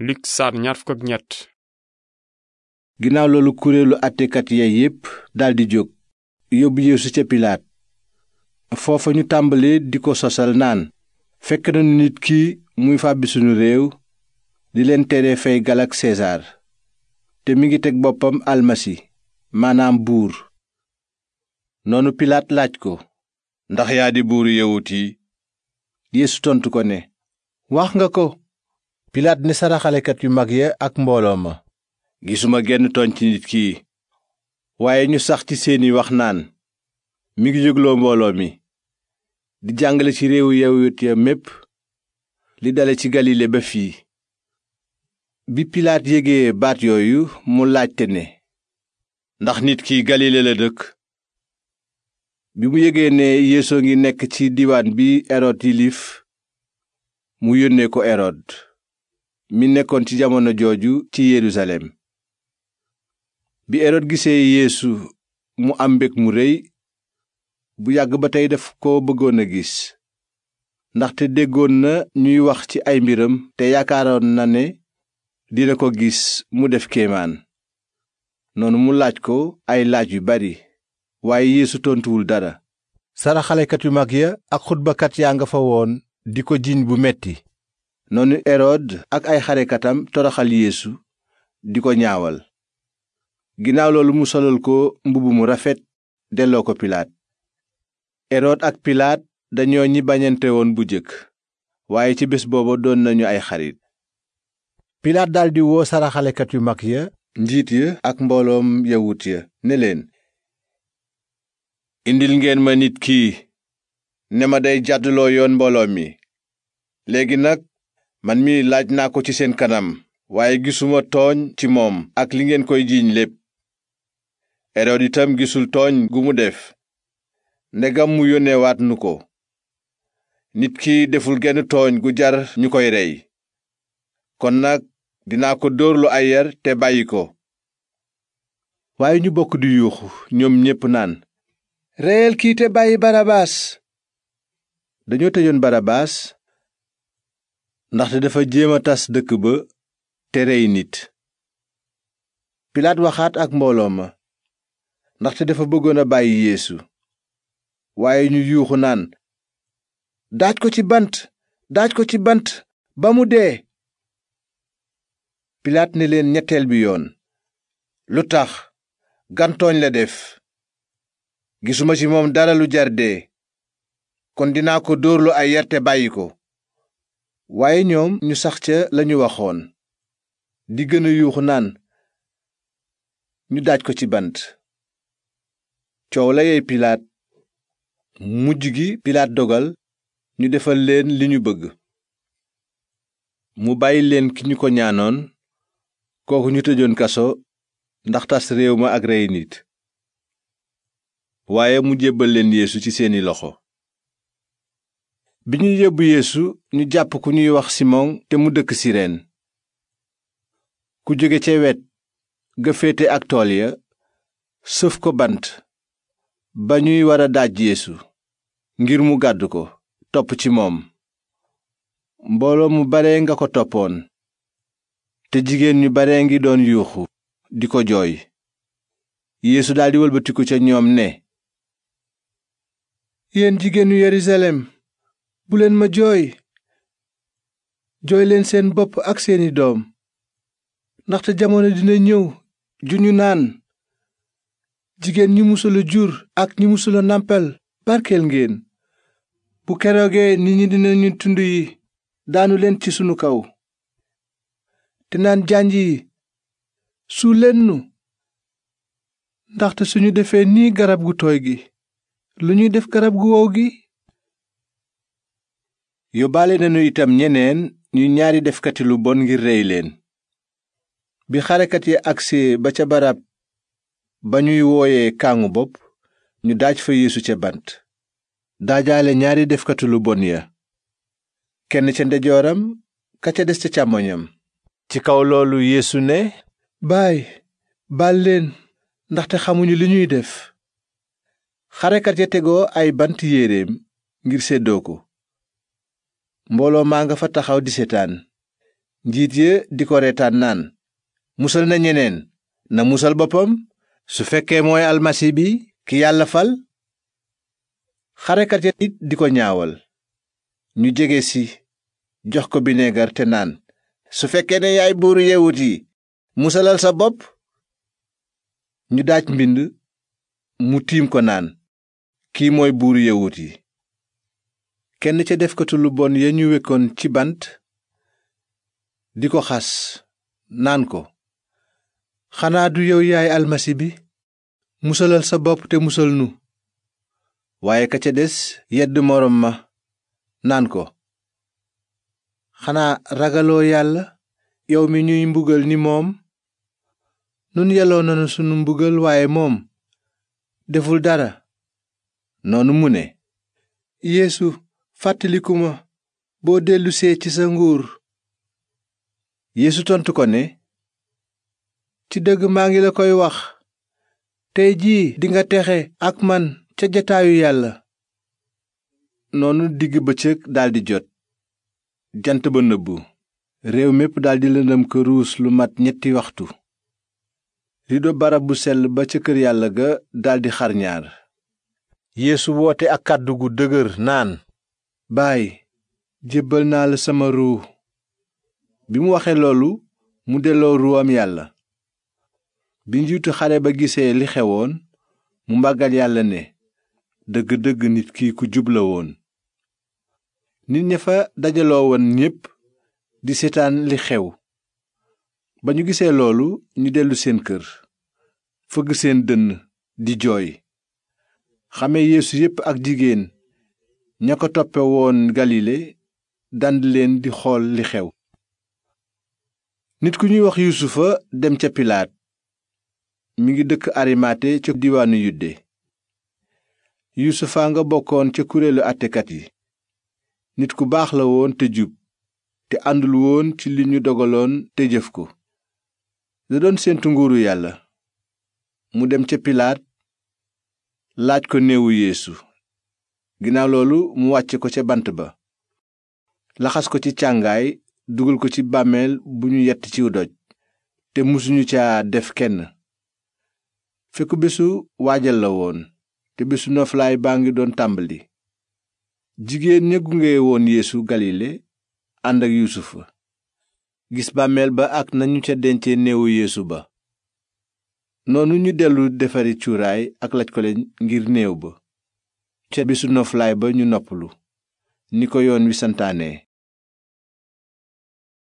Luk saar ñaar ginnaaw loolu kuréelu àttekat ya yépp daldi jóg yóbbu yeesu ca pilaat foofa ñu tàmbalee di ko sosal naan fekk nañu nit ki muy fàbbi sunu réew di leen tere fay galak sesaar te mi ngi teg boppam almasi maanaam buur noonu pilaat laaj ko ndax yaa di buuru yawut yi yeesu tontu ko ne wax nga ko pilaat ne saraxalekat yu mag ya ak mbooloo ma gisuma genn tooñ ci nit kii waaye ñu sax ci seeni wax naan mi ngi jógloo mbooloo mi di jàngale ci réewu yawut ya mépp li dale ci galile ba fii bi pilaat yégee baat yooyu mu laajte ne ndax nit ki galile la dëkk bi mu yégee ne yéesu ngi nekk ci diwaan bi erod yilif mu yónnee ko erod mi nekkoon ci jamono jooju ci Yerusalem bi Erod gisee yéesu mu am mbég mu rëy bu yàgg ba tey daf ko bëggoon a gis ndaxte déggoon na ñuy wax ci ay mbiram te yaakaaroon na ne dina ko gis mu def kéemaan noonu mu laaj ko ay laaj yu bari waaye yéesu tontuwul dara saraxalekat yu mag ya ak xutbakat yaa nga fa woon di ko jiiñ bu metti noonu erod ak ay xarekatam toroxal yeesu di ko ñaawal ginnaaw loolu mu solal ko mbubb mu rafet delloo ko pilaat erod ak pilaat dañoo ñi bañante woon bu jëkk waaye ci bés boobu doon nañu ay xarit pilaat daldi woo saraxalekat yu mag ya njiit ya ak mbooloom yawut ya ne leen indil ngeen ma nit kii ne ma day jàdduloo yoon mbooloo mi léegi nag man mii laaj naa ko ci seen kanam waaye gisuma tooñ ci moom ak li ngeen koy jiiñ lépp erod itam gisul tooñ gu mu def ndegam mu yónneewaat nu ko nit ki deful genn tooñ gu jar ñu koy rey kon nag dinaa ko dóorlu ay yar te bàyyi ko waaye ñu bokk di yuuxu ñoom ñépp naan reyel kii te bàyyi barabaas dañoo tëjoon barabaas ndaxte dafa jéem a tas dëkk ba te nit pilaat waxaat ak mbooloo ma ndaxte dafa bëggoon a bàyyi yeesu waaye ñu yuuxu naan daaj ko ci bant daaj ko ci bant ba mu dee pilaat ne leen ñetteel bi yoon lu tax gantooñ la def gisuma ci moom dara lu jar dee kon dinaa ko dóorlu ay yerte bàyyi ko waaye ñoom ñu sax ca lañu waxoon di gën a yuuxu naan ñu daaj ko ci bant coow la yey pilaat mujj gi pilaat dogal ñu defal leen li ñu bëgg mu bàyyi leen ki ñu ko ñaanoon kooku ñu tëjoon kaso ndax tas réew ma ak rey nit waaye mu jébbal leen yéesu ci seeni loxo bi ñu yóbbu yeesu ñu jàpp ku ñuy wax simon te mu dëkk sireen ku jóge ca wet ga féete ak tool ya sëf ko bant ba ñuy war a daaj ngir mu gàdd ko topp ci moom mbooloo mu bare nga ko toppoon te jigéen ñu bare ngi doon yuuxu di ko jooy yéesu daldi wëlbatiku ca ñoom ne yéen jigéenu yerusalem bu leen ma jooy jooyleen seen bopp ak seeni doom ndaxte jamono dina ñëw ju ñu naan jigéen ñi musula jur ak ñi musula nàmpal barkeel ngeen bu keroogee ni ñi dinañu tund yi daanu leen ci sunu kaw te naan jànj yi suul leen nu ndaxte suñu defee nii garab gu tooy gi lu ñuy def garab gu wow gi yóbbaale nañu itam ñeneen ñu ñaari defkati lu bon ngir rey leen bi xarekat yi agsee ba ca barab ba ñuy wooyee kaaŋu bopp ñu daaj fa yeesu ca bant daajaale ñaari defkati lu bon ya kenn ca ndejooram ka ca des ca càmmoñam ci kaw loolu yéesu ne baay baal leen ndaxte xamuñu li ñuy def xarekat ya tegoo ay bant yéreem ngir séddoo ko mbooloo maa nga fa taxaw di seetaan njiit ya di ko reetaan naan musal na ñeneen na musal boppam su fekkee mooy almasi bi ki yàlla fal xarekat ya it di ko ñaawal ñu jege si jox ko bineegar te naan su fekkee ne yaay buuru yewut yi musalal sa bopp ñu daaj mbind mu tiim ko naan kii mooy buuru yewut yi kenn ca defkatu lu bon ya ñu wékkoon ci bant di ko xas naan ko xanaa du yow yaay almasi bi musalal sa bopp te musal nu waaye ka ca des yedd moroom ma naan ko xanaa ragaloo yàlla yow mi ñuy mbugal ni moom nun yelloo nanu sunu mbugal waaye moom deful dara noonu mu ne yéesu fàttalikuma boo dellusee ci sa nguur yéesu tontu ko ne ci dëgg maa ngi la koy wax tey jii dinga texe ak man ca jataayu yàlla noonu digg ba bëccëg daldi jot jant ba nëbbu réew mépp daldi lëndëm këruus lu mat ñetti waxtu rido barab bu sell ba ca kër yàlla ga daldi xar yéesu woote ak kàddu gu dëgër naan baay jébbal naa la sama ruu bi mu waxee loolu mu delloo ruuwam yàlla bi njiitu xare ba gisee li xewoon mu màggal yàlla ne dëgg-dëgg nit ki ku jub woon nit ña fa dajaloo woon ñépp di seetaan li xew ba ñu gisee loolu ñu dellu seen kër fëgg seen dënn di jooy xame yéesu yépp ak jigéen ña ko toppe woon galile dànd leen di xool li xew nit ku ñuy wax yuusufa dem ca pilaat mi ngi dëkk arimaate ca diwaanu yudde yuusufa nga bokkoon ca kuréelu àttekat yi nit ku baax la woon te jub te àndul woon ci li ñu dogaloon te jëf ko da doon séentu nguuru yàlla mu dem ca pilaat laaj ko néewu yeesu ginnaaw loolu mu wàcce ko ca bant ba laxas ko ci càngaay dugal ko ci bàmmeel bu ñu yett ciw doj te musuñu ca def kenn fekku bésu waajal la woon te bésu noflaay baa ngi doon tàmbali jigéen ña gunge woon yeesu galile ànd ak yuusufa gis bàmmeel ba ak nañu ca dence néewu yeesu noonu ñu dellu defari cuuraay ak laj ngir néew ba ca bisu noflaay ba ñu noppalu ni ko yoon wi santaane